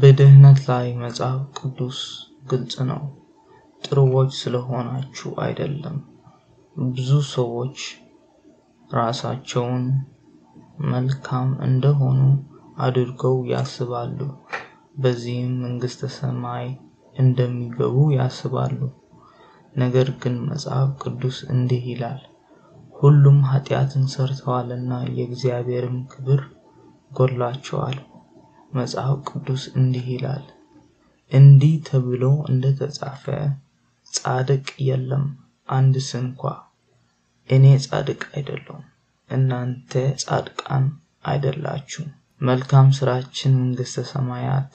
በድህነት ላይ መጽሐፍ ቅዱስ ግልጽ ነው። ጥሩዎች ስለሆናችሁ አይደለም። ብዙ ሰዎች ራሳቸውን መልካም እንደሆኑ አድርገው ያስባሉ፣ በዚህም መንግሥተ ሰማይ እንደሚገቡ ያስባሉ። ነገር ግን መጽሐፍ ቅዱስ እንዲህ ይላል፣ ሁሉም ኃጢአትን ሰርተዋልና የእግዚአብሔርም ክብር ጎላቸዋል። መጽሐፍ ቅዱስ እንዲህ ይላል፣ እንዲህ ተብሎ እንደተጻፈ ጻድቅ የለም አንድ ስንኳ። እኔ ጻድቅ አይደለሁም፣ እናንተ ጻድቃን አይደላችሁም። መልካም ስራችን መንግሥተ ሰማያት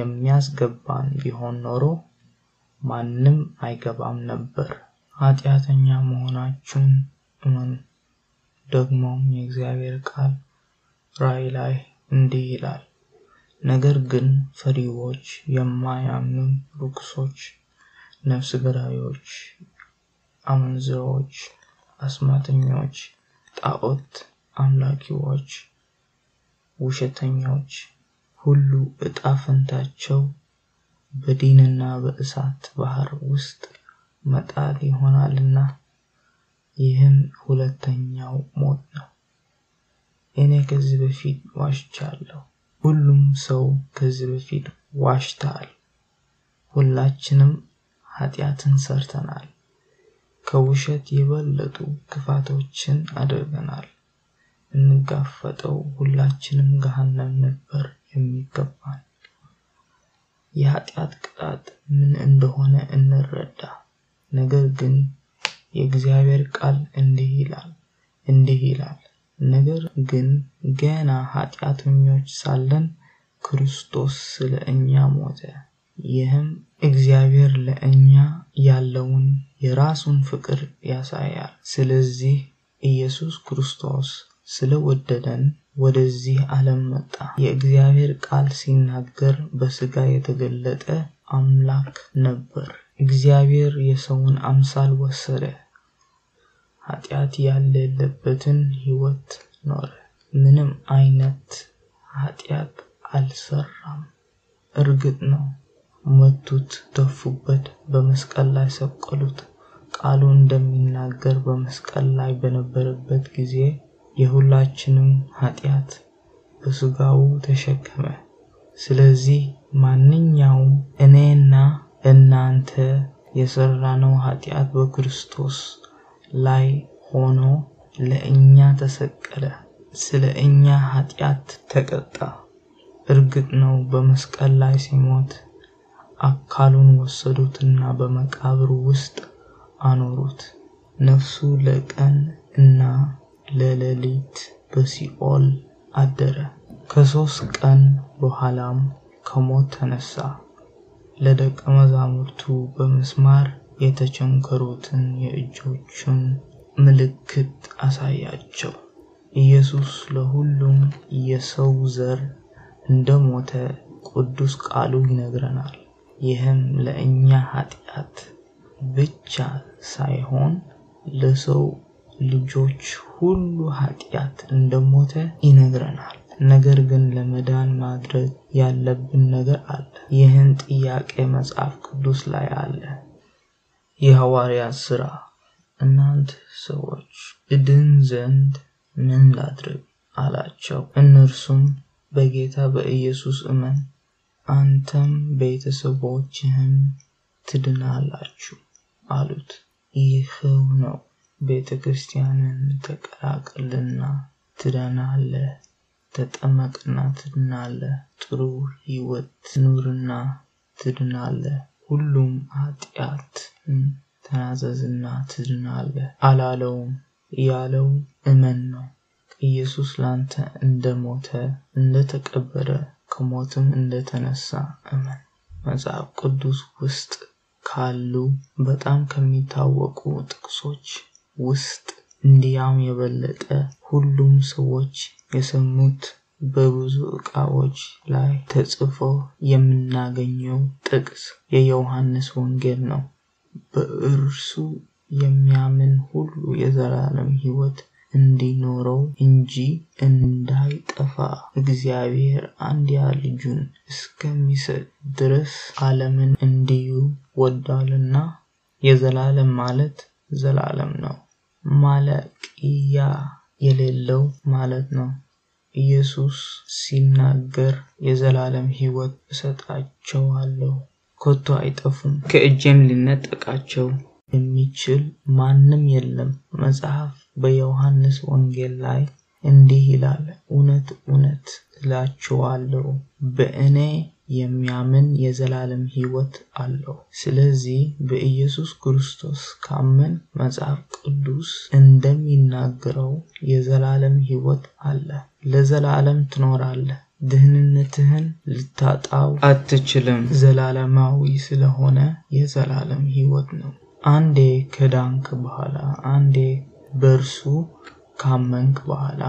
የሚያስገባን ቢሆን ኖሮ ማንም አይገባም ነበር። ኃጢአተኛ መሆናችሁን እመኑ። ደግሞም የእግዚአብሔር ቃል ራእይ ላይ እንዲህ ይላል፦ ነገር ግን ፈሪዎች፣ የማያምኑ፣ ርኩሶች፣ ነፍስ ገዳዮች፣ አመንዝራዎች፣ አስማተኞች፣ ጣዖት አምላኪዎች፣ ውሸተኞች ሁሉ ዕጣ ፈንታቸው በዲንና በእሳት ባህር ውስጥ መጣል ይሆናልና ይህም ሁለተኛው ሞት ነው። እኔ ከዚህ በፊት ዋሽቻለሁ። ሁሉም ሰው ከዚህ በፊት ዋሽታል። ሁላችንም ኃጢአትን ሰርተናል፣ ከውሸት የበለጡ ክፋቶችን አድርገናል። እንጋፈጠው ሁላችንም ገሃነም ነበር የሚገባን። የኃጢአት ቅጣት ምን እንደሆነ እንረዳ። ነገር ግን የእግዚአብሔር ቃል እንዲህ ይላል እንዲህ ይላል ነገር ግን ገና ኃጢአተኞች ሳለን ክርስቶስ ስለ እኛ ሞተ። ይህም እግዚአብሔር ለእኛ ያለውን የራሱን ፍቅር ያሳያል። ስለዚህ ኢየሱስ ክርስቶስ ስለወደደን ወደዚህ ዓለም መጣ። የእግዚአብሔር ቃል ሲናገር በሥጋ የተገለጠ አምላክ ነበር። እግዚአብሔር የሰውን አምሳል ወሰደ። ኃጢአት ያለለበትን ሕይወት ኖረ። ምንም አይነት ኃጢአት አልሰራም። እርግጥ ነው መቱት፣ ተፉበት፣ በመስቀል ላይ ሰቀሉት። ቃሉ እንደሚናገር በመስቀል ላይ በነበረበት ጊዜ የሁላችንም ኃጢአት በሥጋው ተሸከመ። ስለዚህ ማንኛውም እኔና እናንተ የሠራነው ኃጢአት በክርስቶስ ላይ ሆኖ ለእኛ ተሰቀለ፣ ስለ እኛ ኃጢአት ተቀጣ። እርግጥ ነው በመስቀል ላይ ሲሞት አካሉን ወሰዱትና በመቃብር ውስጥ አኖሩት። ነፍሱ ለቀን እና ለሌሊት በሲኦል አደረ። ከሦስት ቀን በኋላም ከሞት ተነሳ። ለደቀ መዛሙርቱ በምስማር የተቸንከሩትን የእጆቹን ምልክት አሳያቸው። ኢየሱስ ለሁሉም የሰው ዘር እንደሞተ ቅዱስ ቃሉ ይነግረናል። ይህም ለእኛ ኃጢአት ብቻ ሳይሆን ለሰው ልጆች ሁሉ ኃጢአት እንደሞተ ይነግረናል። ነገር ግን ለመዳን ማድረግ ያለብን ነገር አለ። ይህን ጥያቄ መጽሐፍ ቅዱስ ላይ አለ። የሐዋርያ ሥራ እናንት ሰዎች እድን ዘንድ ምን ላድርግ አላቸው። እነርሱም በጌታ በኢየሱስ እመን፣ አንተም ቤተሰቦችህም ትድናላችሁ አሉት። ይኸው ነው ቤተ ክርስቲያንን ተቀላቀልና ትድናለህ፣ ተጠመቅና ትድናለህ፣ ጥሩ ሕይወት ኑርና ትድናለህ። ሁሉም አጢ ታዘዝና ትድናለህ አላለውም ያለው እመን ነው። ኢየሱስ ላንተ እንደሞተ እንደተቀበረ ከሞትም እንደተነሳ እመን። መጽሐፍ ቅዱስ ውስጥ ካሉ በጣም ከሚታወቁ ጥቅሶች ውስጥ እንዲያም የበለጠ ሁሉም ሰዎች የሰሙት በብዙ ዕቃዎች ላይ ተጽፎ የምናገኘው ጥቅስ የዮሐንስ ወንጌል ነው። በእርሱ የሚያምን ሁሉ የዘላለም ሕይወት እንዲኖረው እንጂ እንዳይጠፋ እግዚአብሔር አንድያ ልጁን እስከሚሰጥ ድረስ ዓለምን እንዲሁ ወዷልና። የዘላለም ማለት ዘላለም ነው፣ ማለቂያ የሌለው ማለት ነው። ኢየሱስ ሲናገር የዘላለም ሕይወት እሰጣቸዋለሁ ከቶ አይጠፉም። ከእጄም ሊነጠቃቸው የሚችል ማንም የለም። መጽሐፍ በዮሐንስ ወንጌል ላይ እንዲህ ይላል፣ እውነት እውነት እላችኋለሁ በእኔ የሚያምን የዘላለም ሕይወት አለው። ስለዚህ በኢየሱስ ክርስቶስ ካመን መጽሐፍ ቅዱስ እንደሚናገረው የዘላለም ሕይወት አለ፣ ለዘላለም ትኖራለህ። ድህንነትህን ልታጣው አትችልም። ዘላለማዊ ስለሆነ የዘላለም ህይወት ነው። አንዴ ከዳንክ በኋላ አንዴ በእርሱ ካመንክ በኋላ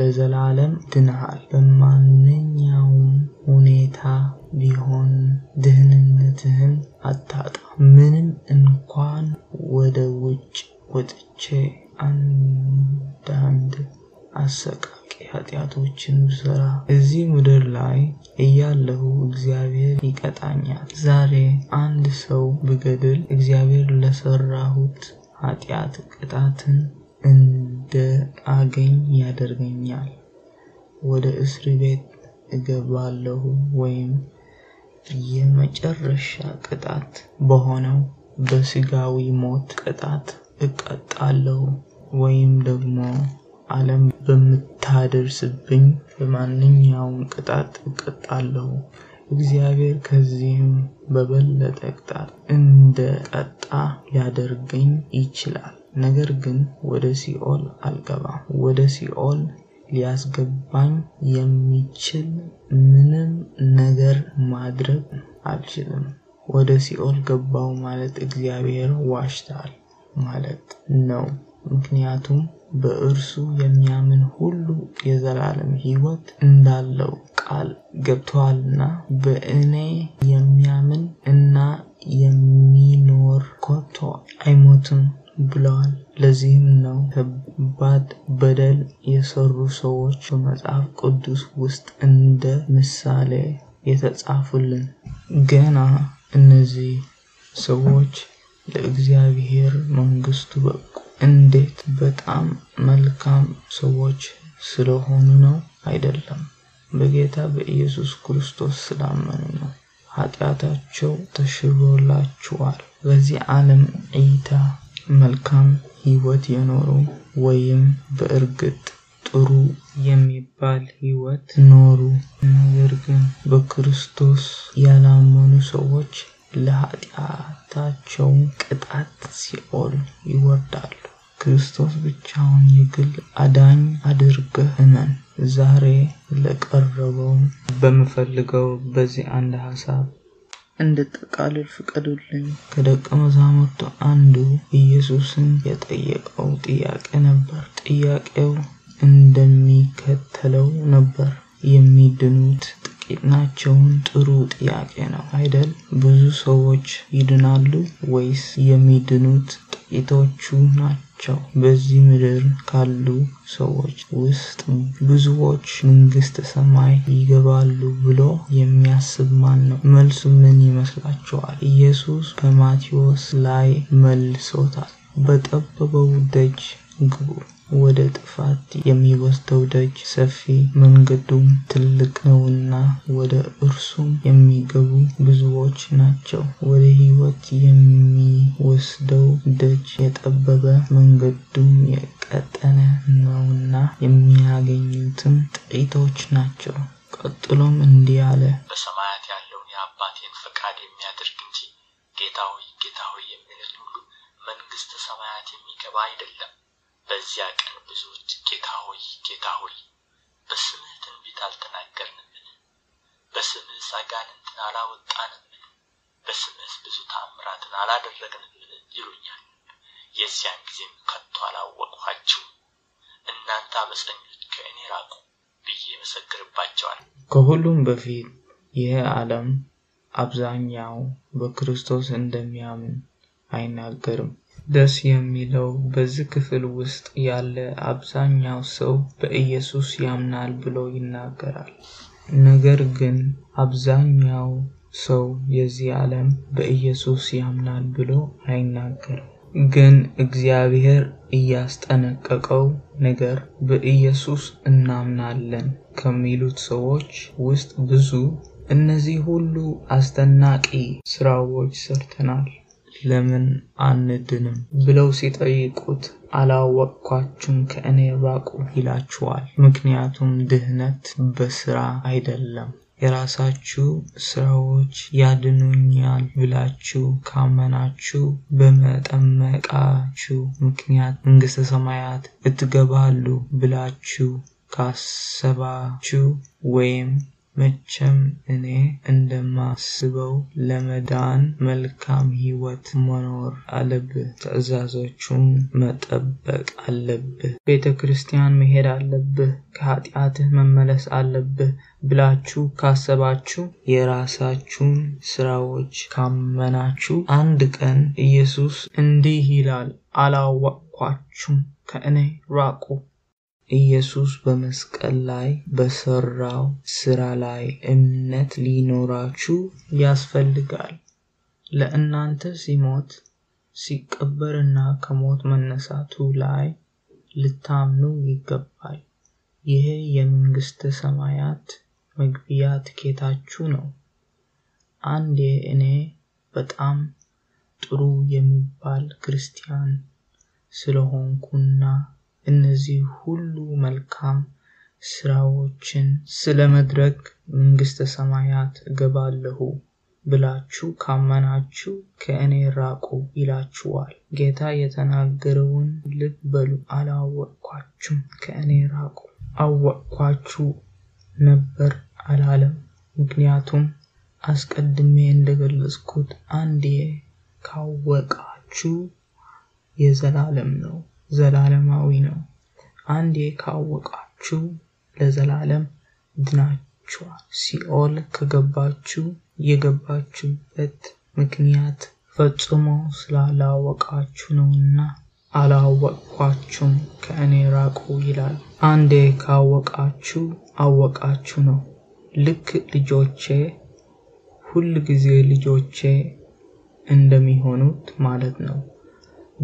ለዘላለም ድንሃል። በማንኛውም ሁኔታ ቢሆን ድህንነትህን አታጣ። ምንም እንኳን ወደ ውጭ ወጥቼ አንዳንድ አሰቃቂ ኃጢአቶችን ብሰ የኃጢአት ቅጣትን እንደ አገኝ ያደርገኛል። ወደ እስር ቤት እገባለሁ ወይም የመጨረሻ ቅጣት በሆነው በስጋዊ ሞት ቅጣት እቀጣለሁ ወይም ደግሞ ዓለም በምታደርስብኝ በማንኛውም ቅጣት እቀጣለሁ። እግዚአብሔር ከዚህም በበለጠ ቅጣት እንደ ቀጣ ሊያደርገኝ ይችላል። ነገር ግን ወደ ሲኦል አልገባም። ወደ ሲኦል ሊያስገባኝ የሚችል ምንም ነገር ማድረግ አልችልም። ወደ ሲኦል ገባው ማለት እግዚአብሔር ዋሽታል ማለት ነው። ምክንያቱም በእርሱ የሚያምን ሁሉ የዘላለም ሕይወት እንዳለው ቃል ገብተዋልና በእኔ የሚያምን እና የሚኖር ከቶ አይሞትም። ብለዋል። ለዚህም ነው ከባድ በደል የሰሩ ሰዎች በመጽሐፍ ቅዱስ ውስጥ እንደ ምሳሌ የተጻፉልን። ገና እነዚህ ሰዎች ለእግዚአብሔር መንግስቱ በቁ። እንዴት በጣም መልካም ሰዎች ስለሆኑ ነው አይደለም፣ በጌታ በኢየሱስ ክርስቶስ ስላመኑ ነው። ኃጢአታቸው ተሽሮላችኋል። በዚህ ዓለም እይታ መልካም ህይወት የኖሩ ወይም በእርግጥ ጥሩ የሚባል ህይወት ኖሩ፣ ነገር ግን በክርስቶስ ያላመኑ ሰዎች ለኃጢአታቸው ቅጣት ሲኦል ይወርዳሉ። ክርስቶስ ብቻውን የግል አዳኝ አድርገህ እመን። ዛሬ ለቀረበው በምፈልገው በዚህ አንድ ሀሳብ እንድጠቃልል ፍቀዱልኝ። ከደቀ መዛሙርቱ አንዱ ኢየሱስን የጠየቀው ጥያቄ ነበር። ጥያቄው እንደሚከተለው ነበር። የሚድኑት ጥቂት ናቸውን? ጥሩ ጥያቄ ነው አይደል? ብዙ ሰዎች ይድናሉ ወይስ የሚድኑት ጥቂቶቹ ናቸው። በዚህ ምድር ካሉ ሰዎች ውስጥ ብዙዎች መንግስት ሰማይ ይገባሉ ብሎ የሚያስብ ማን ነው? መልሱ ምን ይመስላችኋል? ኢየሱስ በማቴዎስ ላይ መልሶታል፣ በጠበበው ደጅ ግቡ። ወደ ጥፋት የሚወስደው ደጅ ሰፊ መንገዱም ትልቅ ነውና ወደ እርሱም የሚገቡ ብዙዎች ናቸው። ወደ ሕይወት የሚወስደው ደጅ የጠበበ መንገዱም የቀጠነ ነውና የሚያገኙትም ጥቂቶች ናቸው። ቀጥሎም እንዲህ አለ፣ በሰማያት ያለውን የአባቴን ፈቃድ የሚያደርግ እንጂ ጌታ ሆይ ጌታ ሆይ የሚለኝ ሁሉ መንግሥተ ሰማያት የሚገባ አይደለም። በዚያ ቀን ብዙዎች ጌታ ሆይ ጌታ ሆይ በስምህ ትንቢት አልተናገርንምን? በስምህስ አጋንንትን አላወጣንምን? በስምህ ብዙ ታምራትን አላደረግንምን? ይሉኛል። የዚያን ጊዜም ከቶ አላወቅኋችሁም፣ እናንተ አመፀኞች ከእኔ ራቁ ብዬ መሰግርባቸዋል። ከሁሉም በፊት ይህ ዓለም አብዛኛው በክርስቶስ እንደሚያምን አይናገርም። ደስ የሚለው በዚህ ክፍል ውስጥ ያለ አብዛኛው ሰው በኢየሱስ ያምናል ብሎ ይናገራል። ነገር ግን አብዛኛው ሰው የዚህ ዓለም በኢየሱስ ያምናል ብሎ አይናገርም። ግን እግዚአብሔር እያስጠነቀቀው ነገር በኢየሱስ እናምናለን ከሚሉት ሰዎች ውስጥ ብዙ እነዚህ ሁሉ አስደናቂ ስራዎች ሰርተናል ለምን አንድንም ብለው ሲጠይቁት አላወቅኳችሁም ከእኔ ራቁ ይላችኋል። ምክንያቱም ድህነት በስራ አይደለም። የራሳችሁ ስራዎች ያድኑኛል ብላችሁ ካመናችሁ በመጠመቃችሁ ምክንያት መንግስተ ሰማያት እትገባሉ ብላችሁ ካሰባችሁ ወይም መቼም እኔ እንደማስበው ለመዳን መልካም ሕይወት መኖር አለብህ። ትእዛዞቹን መጠበቅ አለብህ። ቤተ ክርስቲያን መሄድ አለብህ። ከኃጢአትህ መመለስ አለብህ ብላችሁ ካሰባችሁ የራሳችሁን ስራዎች ካመናችሁ አንድ ቀን ኢየሱስ እንዲህ ይላል አላወቅኳችሁም ከእኔ ራቁ ኢየሱስ በመስቀል ላይ በሠራው ሥራ ላይ እምነት ሊኖራችሁ ያስፈልጋል። ለእናንተ ሲሞት፣ ሲቀበርና ከሞት መነሳቱ ላይ ልታምኑ ይገባል። ይሄ የመንግሥተ ሰማያት መግቢያ ትኬታችሁ ነው። አንዴ እኔ በጣም ጥሩ የሚባል ክርስቲያን ስለሆንኩና እነዚህ ሁሉ መልካም ስራዎችን ስለመድረግ መንግሥተ ሰማያት እገባለሁ ብላችሁ ካመናችሁ ከእኔ ራቁ ይላችኋል። ጌታ የተናገረውን ልብ በሉ። አላወቅኳችሁም፣ ከእኔ ራቁ። አወቅኳችሁ ነበር አላለም። ምክንያቱም አስቀድሜ እንደገለጽኩት አንዴ ካወቃችሁ የዘላለም ነው። ዘላለማዊ ነው። አንዴ ካወቃችሁ ለዘላለም ድናችኋል። ሲኦል ከገባችሁ የገባችሁበት ምክንያት ፈጽሞ ስላላወቃችሁ ነውና አላወቅኳችሁም ከእኔ ራቁ ይላል። አንዴ ካወቃችሁ አወቃችሁ ነው። ልክ ልጆቼ ሁልጊዜ ልጆቼ እንደሚሆኑት ማለት ነው።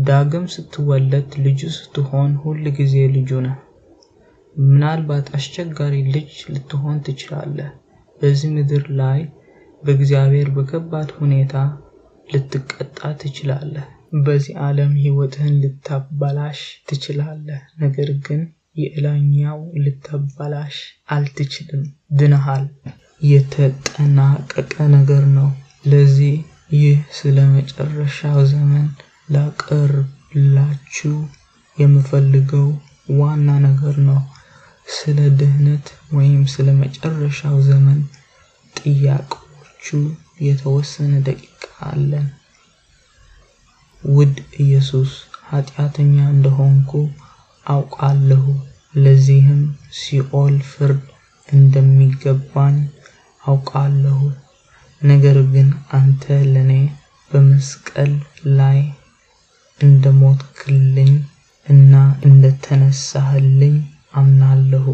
ዳግም ስትወለድ ልጁ ስትሆን ጊዜ ልጁ ነህ። ምናልባት አስቸጋሪ ልጅ ልትሆን ትችላለህ። በዚህ ምድር ላይ በእግዚአብሔር በከባድ ሁኔታ ልትቀጣ ትችላለህ። በዚህ ዓለም ሕይወትህን ልታበላሽ ትችላለህ። ነገር ግን የእላኛው ልታበላሽ አልትችልም። ድነሃል። የተጠናቀቀ ነገር ነው። ለዚህ ይህ ስለ መጨረሻው ዘመን ላቀርብላችሁ የምፈልገው ዋና ነገር ነው። ስለ ድህነት ወይም ስለ መጨረሻው ዘመን ጥያቄዎቹ የተወሰነ ደቂቃ አለን። ውድ ኢየሱስ፣ ኃጢአተኛ እንደሆንኩ አውቃለሁ፣ ለዚህም ሲኦል ፍርድ እንደሚገባኝ አውቃለሁ። ነገር ግን አንተ ለእኔ በመስቀል ላይ እንደሞትክልኝ እና እንደተነሳህልኝ አምናለሁ።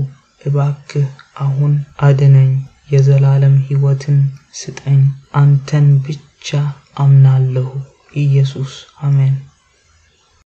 እባክህ አሁን አድነኝ፣ የዘላለም ሕይወትን ስጠኝ። አንተን ብቻ አምናለሁ። ኢየሱስ አሜን።